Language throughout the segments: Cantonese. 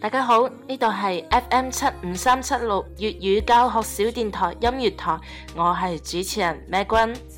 大家好，呢度係 FM 七五三七六粵語教學小電台音樂台，我係主持人咩君。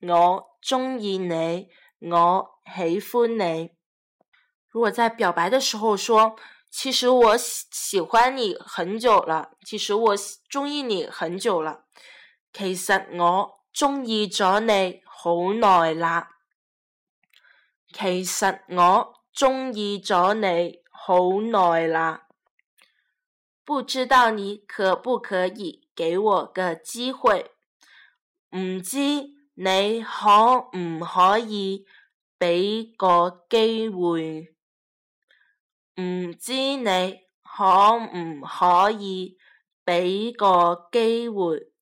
我中意你，我喜歡你。如果在表白的時候說，其實我喜歡你很久了，其實我中意你很久了。其實我中意咗你好耐啦，其實我中意咗你好耐啦。不知道你可不可以給我個機會？唔知。你可唔可以俾個機會？唔知你可唔可以俾個機會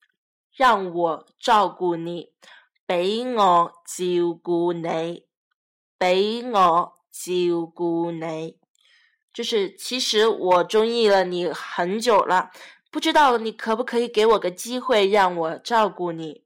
讓我照顧你？畀我照顧你，畀我，我，我照顧你。就是，其實我中意了你很久了，不知道你可唔可以給我個機會讓我照顧你？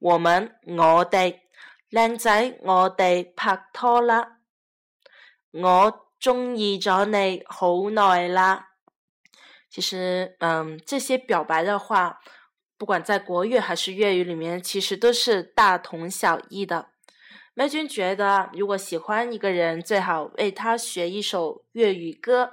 我們我哋靚仔，我哋拍拖啦，我中意咗你好耐啦。其實，嗯，這些表白的話，不管在國語還是粵語裏面，其實都是大同小異的。美君覺得，如果喜歡一個人，最好為他學一首粵語歌。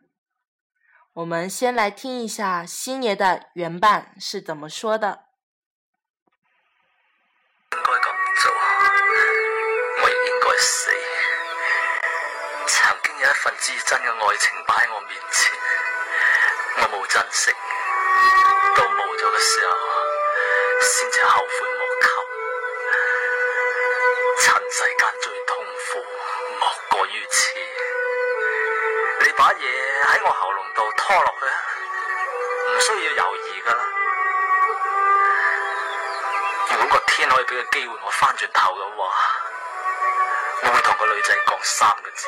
我們先來聽一下星爺的原版是怎麼說的。應該咁做，我也應該死，曾經有一份至真嘅愛情擺喺我面前，我冇珍惜，到冇咗嘅時候，先至後悔莫及。塵世間最痛苦，莫過於此。你把嘢喺我喉嚨度拖落去啊！唔需要猶豫㗎啦。如果個天可以俾個機會我翻轉頭嘅話，我會同個女仔講三個字。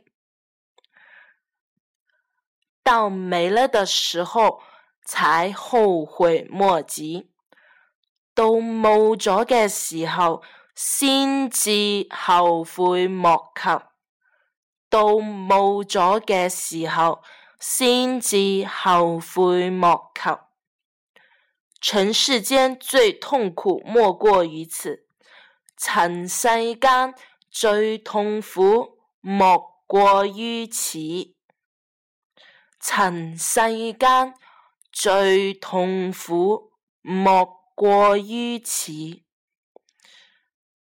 到，到沒了的時候，才後悔莫及；到冇咗嘅時候，先至後悔莫及；到冇咗嘅時候，先至後悔莫及。塵世間最痛苦莫過於此，塵世間最痛苦莫過於此。塵世間最痛苦莫過於此。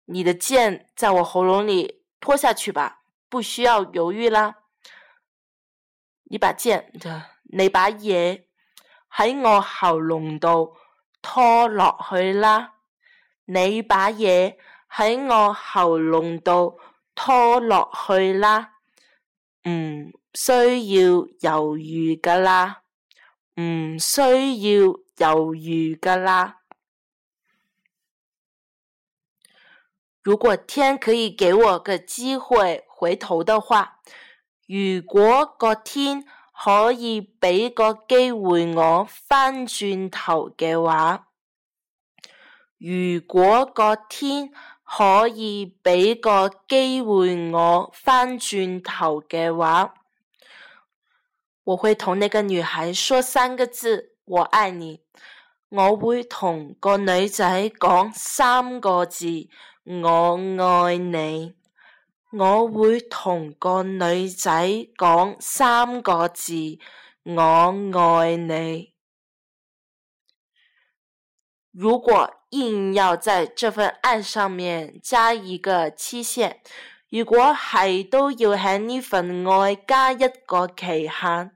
你的劍在我喉嚨裏拖下去吧，不需要猶豫啦。你把劍，你把嘢喺我喉嚨度拖落去啦。你把嘢喺我喉嚨度拖落去啦。嗯。需要猶豫噶啦，唔需要猶豫噶啦。如果天可以給我個機會回頭的話，如果個天可以俾個機會我翻轉頭嘅話，如果個天可以俾個機會我翻轉頭嘅話。我會同那個女孩說三個字，我愛你。我會同個女仔講三個字，我愛你。我會同個女仔講三個字，我愛，我，個三個字我愛你。如果硬要在這份愛上面加一個期限，如果係都要喺呢份愛加一個期限。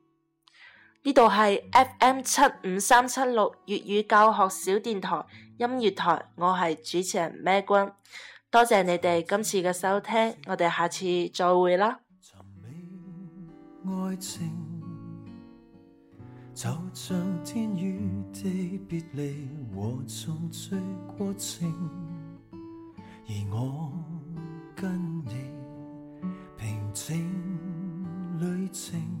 呢度係 FM 七五三七六粵語教學小電台音樂台，我係主持人咩君，多謝你哋今次嘅收聽，我哋下次再會啦。尋覓愛情，就像天與地別離和重聚過程，而我同你，平靜旅程。